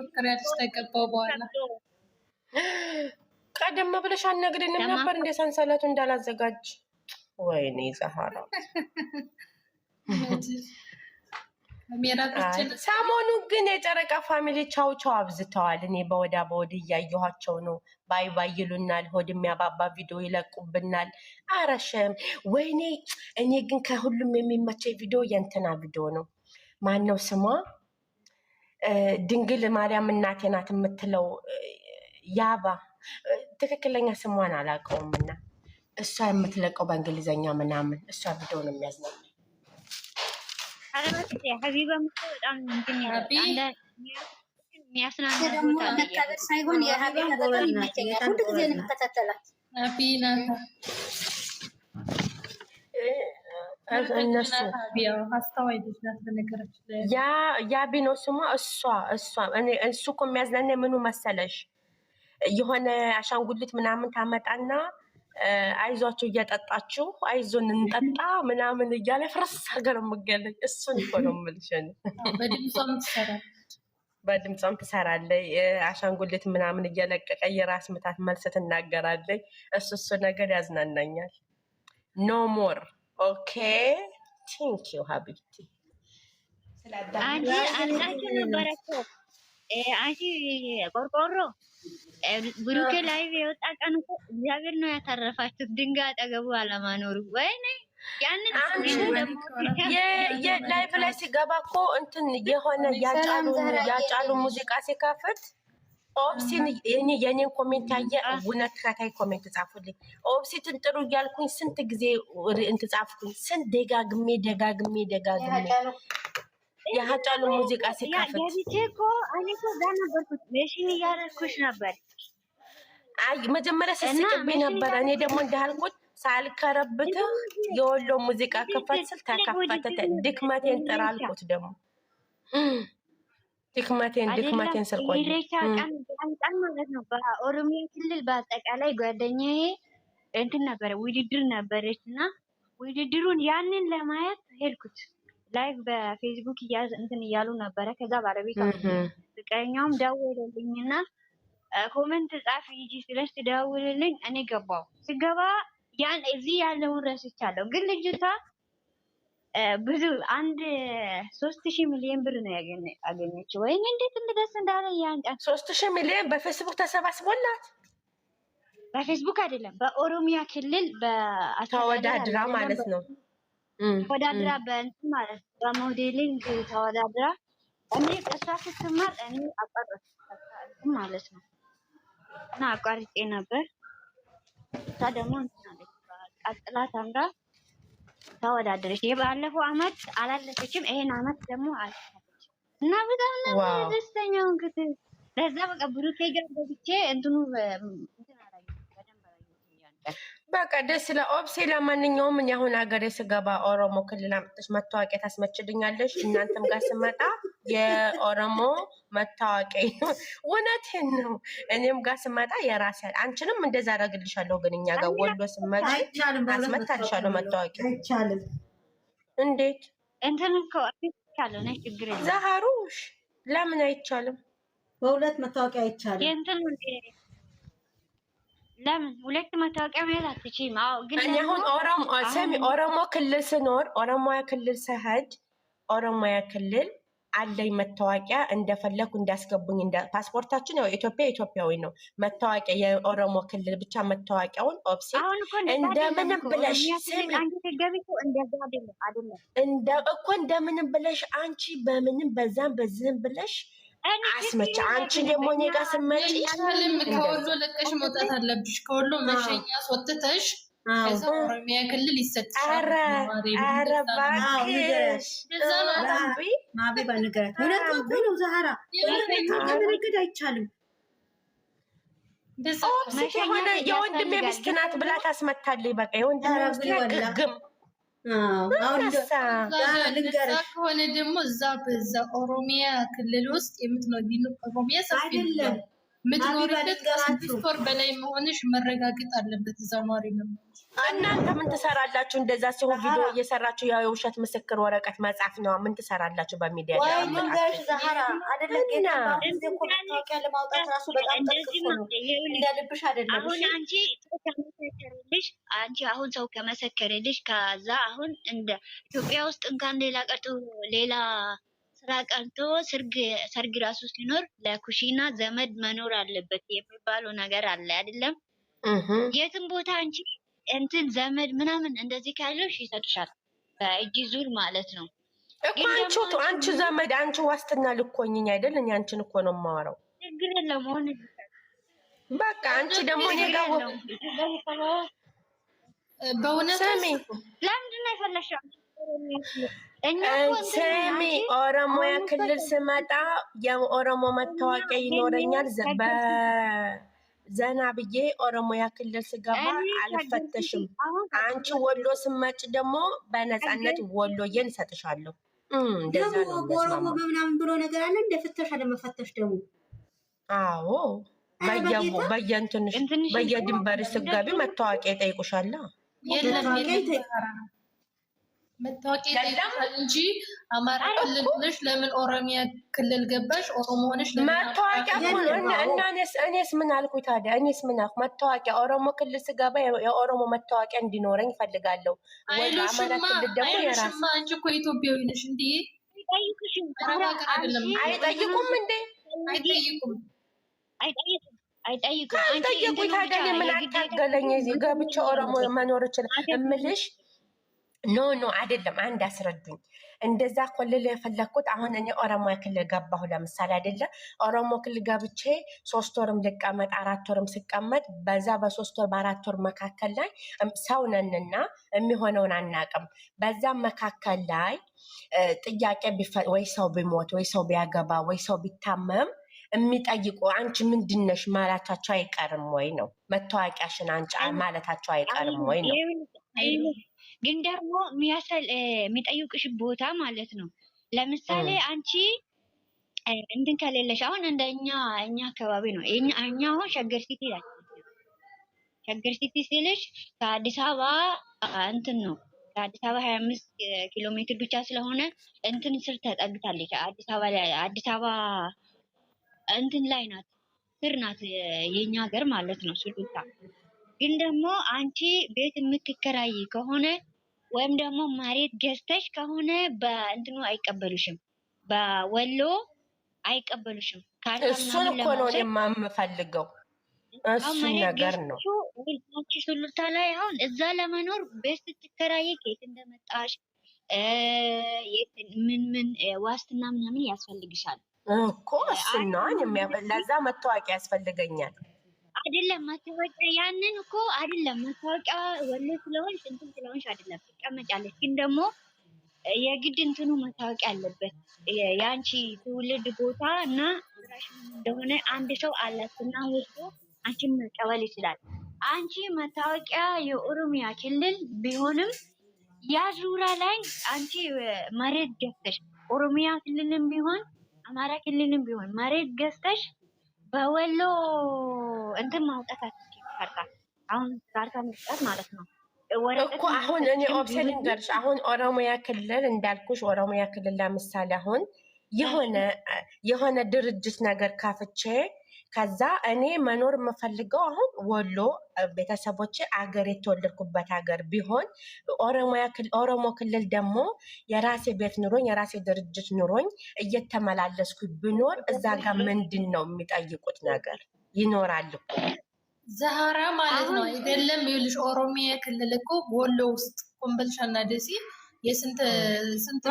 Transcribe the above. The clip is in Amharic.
ፍቅር ተገባው በኋላ ቀደም ብለሽ አነግድንም ነበር እንደ ሰንሰለቱ እንዳላዘጋጅ። ወይኔ ዛሃራ ሰሞኑ ግን የጨረቃ ፋሚሊ ቻው ቻው አብዝተዋል። እኔ በወዳ በወድ እያየኋቸው ነው። ባይ ባይ ይሉናል። ሆድ የሚያባባ ቪዲዮ ይለቁብናል። አረሸም ወይኔ። እኔ ግን ከሁሉም የሚመቸኝ ቪዲዮ የእንትና ቪዲዮ ነው። ማን ነው ስሟ? ድንግል ማርያም እናቴ ናት የምትለው ያባ ትክክለኛ ስሟን አላውቀውም። እና እሷ የምትለቀው በእንግሊዘኛ ምናምን እሷ ቪዲዮ ነው የሚያዝነው። ሳይሆን የሀቢ ሁሉ ጊዜ እንከታተላት አስተዋይ ያ ያ ቢኖ ስሟ እሷ እሷ እሱ እኮ የሚያዝናና ምኑ መሰለሽ የሆነ አሻንጉሊት ምናምን ታመጣና አይዟቸው እያጠጣችሁ አይዞን እንጠጣ ምናምን እያለ ፍረስ የምገለኝ እሱን እኮ ነው የምልሽ። አሻንጉሊት ምናምን እየለቀቀ የራስ ምታት መልስ ትናገራለች። እሱ እሱ ነገር ያዝናናኛል። ኖ ሞር ኦኬ ቲንክ ዩ ሀቢብቲ አንቺ አልቃችሁ ነበረ እኮ አንቺ ቆርቆሮ ብሩኬ ላይ የወጣ ቀን እኮ እግዚአብሔር ነው ያተረፋችሁት። ድንጋይ አጠገቡ አለማኖሩ ወይኔ ያንን ላይፍ ላይ ሲገባ እኮ እንትን የሆነ ያጫሉ ሙዚቃ ሲከፍት ኦፕሲን የኔን ኮሜንት ያየ ውነት ተከታይ ኮሜንት ጻፉልኝ። ኦፕሲትን ጥሩ እያልኩኝ ስንት ጊዜ እንትጻፍኩኝ ስንት ደጋግሜ ደጋግሜ ደጋግሜ የሀጫሉ ሙዚቃ ሲከፍት እያደረኩሽ ነበር። አይ መጀመሪያ ስትስቅቤ ነበረ። እኔ ደግሞ እንዳልኩት ሳልከረብት የወሎ ሙዚቃ ክፈት ስል ተከፈተ። ድክመቴን ጥራ ደግሞ ድክመቴን ድክመቴን ስል ኢሬቻ ቀን ማለት ነው። በኦሮሚያ ክልል በአጠቃላይ ጓደኛዬ እንትን ነበረ ውድድር ነበረች እና ውድድሩን ያንን ለማየት ሄድኩት። ላይቭ በፌስቡክ እያዝ እንትን እያሉ ነበረ። ከዛ ባለቤቷ ፍቅረኛውም ደወለልኝ እና ኮመንት ጻፍ ይጂ ስለች ትደውልልኝ። እኔ ገባው ስገባ ያን እዚህ ያለውን ረስቻለሁ፣ ግን ልጅቷ ብዙ አንድ ሶስት ሺህ ሚሊዮን ብር ነው ያገኘችው። ወይም እንዴት እንደደስ እንዳለ ያን ሶስት ሺህ ሚሊዮን በፌስቡክ ተሰባስቦላት በፌስቡክ አይደለም በኦሮሚያ ክልል በተወዳድራ ማለት ነው። ተወዳድራ በእንት ማለት በሞዴሊንግ ተወዳድራ እኔ እሷ ስትማር እኔ አቋረጥ ማለት ነው እና አቋርጬ ነበር። እሷ ደግሞ ቀጥላ ተምራ ተወዳደረች። የባለፈው አመት አላለፈችም፣ ይሄን አመት ደግሞ አላለፈች እና በጣም ነበር ደስተኛው። እንግዲህ ለዛ በቃ ብሩኬ ጋር ገብቼ እንትኑ እንትን አላየሁም በደንብ አላየሁም። በቃ ደስ ለኦብሴ ለማንኛውም እኔ አሁን ሀገሬ ስገባ ኦሮሞ ክልል አምጥተሽ መታወቂያ ታስመችልኛለሽ። እናንተም ጋር ስመጣ የኦሮሞ መታወቂያ እውነቴን ነው። እኔም ጋር ስመጣ የራሴ አንቺንም እንደዛ አደርግልሻለሁ። ግን እኛ ጋር ወሎ ስመጭ አስመታልሻለሁ መታወቂያ። እንዴት እንትን ዛሃሩሽ ለምን አይቻልም? በሁለት መታወቂያ አይቻልም። ለምን ሁለት መታወቂያ መያዝ አትችይም? ግን አሁን ሰሚ ኦሮሞ ክልል ስኖር ኦሮሞያ ክልል ስሄድ ኦሮሞያ ክልል አለኝ መታወቂያ እንደፈለግኩ እንዳስገቡኝ ፓስፖርታችን ያው ኢትዮጵያ ኢትዮጵያዊ ነው። መታወቂያ የኦሮሞ ክልል ብቻ መታወቂያውን ኦብሴ እንደምንም ብለሽ እንደ እኮ እንደምንም ብለሽ አንቺ በምንም በዛም በዚህም ብለሽ አስመቻ አንቺ ደግሞ እኔ ጋር ስመጪ ከወሎ ለቀሽ መውጣት አለብሽ። ከወሎ መሸኛ አስወጥተሽ ከዛ ኦሮሚያ ክልል ይሰጥሻል። ሆነ የወንድሜ ሚስት ናት ብላ ታስመታለች። በቃ የወንድሜ ሚስት ግግም ከሆነ ደግሞ እዛ በዛ ኦሮሚያ ክልል ውስጥ የምትኖሪ ኦሮሚያ ሰፊ አይደለም ምትኖሪበትስቶር በላይ መሆንሽ መረጋገጥ አለበት። ዘማሪ ኗሪ እናንተ ምን ትሰራላችሁ? እንደዛ ሲሆን ቪዲዮ እየሰራችሁ ያው የውሸት ምስክር ወረቀት መጻፍ ነው። ምን ትሰራላችሁ? በሚዲያ አንቺ አሁን ሰው ከመሰከረልሽ ከዛ አሁን እንደ ኢትዮጵያ ውስጥ እንኳን ሌላ ቀርቶ ሌላ ስራ ቀርቶ ሰርግ ራሱ ሲኖር ለኩሽና ዘመድ መኖር አለበት የሚባለው ነገር አለ አይደለም? የትም ቦታ አንቺ እንትን ዘመድ ምናምን እንደዚህ ካለሽ ይሰጥሻል፣ በእጅ ዙር ማለት ነው። አንቺ ዘመድ አንቺ ዋስትና ልኮኝኝ አይደል? እኔ አንቺን እኮ ነው የማወራው። ችግር የለም ሆን በቃ አንቺ ደግሞ እኔ ጋር በእውነት ለምንድን ነው የፈለግሽው? ስሚ፣ ኦሮሚያ ክልል ስመጣ የኦሮሞ መታወቂያ ይኖረኛል። ዘና ብዬ ኦሮሚያ ክልል ስገባ አልፈተሽም። አንቺ ወሎ ስመጭ ደግሞ በነፃነት ወሎዬን እሰጥሻለሁ። እንደዛ ነው። በምናምን ብሎ ነገር አለ እንደ ፍተሻ ለመፈተሽ ደግሞ አዎ በየንትንሽ በየድንበር ስገቢ መታወቂያ ይጠይቁሻል። መታወቂያ ይጠይቃል እንጂ አማራ ክልል ሆነሽ ለምን ኦሮሚያ ክልል ገባሽ? ኦሮሞ ሆነሽ መታወቂያ እኔስ ምን አልኩኝ ታዲያ? እኔስ ምን አልኩ? መታወቂያ ኦሮሞ ክልል ስገባ የኦሮሞ መታወቂያ እንዲኖረኝ እፈልጋለሁ። አይሉሽማ አንቺ እኮ ኢትዮጵያዊ ነሽ እንዴ? አይጠይቁም እንዴ? አይጠይቁም አይጠይቁም አይጠይቁም። ታዲያ ምን አታገለኝ? እዚህ ገብቼ ኦሮሞ መኖር ይችላል እምልሽ ኖ ኖ አይደለም። አንድ አስረዱኝ። እንደዛ እኮ ልል የፈለግኩት አሁን እኔ ኦሮሞ ክልል ገባሁ ለምሳሌ አይደለ? ኦሮሞ ክልል ገብቼ ሶስት ወርም ልቀመጥ አራት ወርም ስቀመጥ በዛ በሶስት ወር በአራት ወር መካከል ላይ ሰው ነንና የሚሆነውን አናቅም። በዛ መካከል ላይ ጥያቄ ወይ ሰው ቢሞት ወይ ሰው ቢያገባ ወይ ሰው ቢታመም የሚጠይቁ አንቺ ምንድነሽ ማለታቸው አይቀርም ወይ ነው? መታወቂያሽን አንጫ ማለታቸው አይቀርም ወይ ነው? ግን ደግሞ የሚጠይቅሽ ቦታ ማለት ነው። ለምሳሌ አንቺ እንትን ከሌለሽ አሁን እንደ እኛ እኛ አካባቢ ነው። እኛ አሁን ሸገር ሲቲ ሸገር ሲቲ ሲልሽ ከአዲስ አበባ እንትን ነው ከአዲስ አበባ ሀያ አምስት ኪሎ ሜትር ብቻ ስለሆነ እንትን ስር ተጠግታለች። አዲስ አበባ ላይ አዲስ አበባ እንትን ላይ ናት፣ ስር ናት የኛ ሀገር ማለት ነው። ስሉታ ግን ደግሞ አንቺ ቤት የምትከራይ ከሆነ ወይም ደግሞ መሬት ገዝተሽ ከሆነ በእንትኑ አይቀበሉሽም፣ በወሎ አይቀበሉሽም። እሱን እኮ ነው የማምፈልገው። እሱ ነገር ነው ሱሉልታ ላይ አሁን እዛ ለመኖር ቤት ስትከራይ ከየት እንደመጣሽ ምን ምን ዋስትና ምናምን ያስፈልግሻል እኮ እሱን ነው ለዛ መታወቂያ ያስፈልገኛል። አይደለም ማስታወቂያ ያንን እኮ አይደለም ማስታወቂያ ወሎ ስለሆንሽ እንትን ስለሆንሽ አይደለም ትቀመጫለች። ግን ደግሞ የግድ እንትኑ ማስታወቂያ አለበት የአንቺ ትውልድ ቦታ እና እንደሆነ አንድ ሰው አላትና ወስዶ አንቺን መቀበል ይችላል። አንቺ መታወቂያ የኦሮሚያ ክልል ቢሆንም ያ ዙራ ላይ አንቺ መሬት ገዝተሽ ኦሮሚያ ክልልም ቢሆን አማራ ክልልም ቢሆን መሬት ገዝተሽ በወሎ እንትን ማውጣት አትችልም። ፈርታ አሁን ዛርታ መስጠት ማለት ነው እኮ አሁን እኔ ኦፕሽን ልንገርሽ። አሁን ኦሮሚያ ክልል እንዳልኩሽ ኦሮሚያ ክልል ለምሳሌ አሁን የሆነ የሆነ ድርጅት ነገር ካፍቼ ከዛ እኔ መኖር የምፈልገው አሁን ወሎ ቤተሰቦች አገር የተወለድኩበት ሀገር ቢሆን ኦሮሞ ክልል ደግሞ የራሴ ቤት ኑሮኝ የራሴ ድርጅት ኑሮኝ እየተመላለስኩ ብኖር እዛ ጋር ምንድን ነው የሚጠይቁት ነገር? ይኖራሉ እኮ ዛህራ ማለት ነው አይደለም? ይኸውልሽ ኦሮሚያ ክልል እኮ ወሎ ውስጥ ኮምቦልቻና ደሴ የስንት ስንት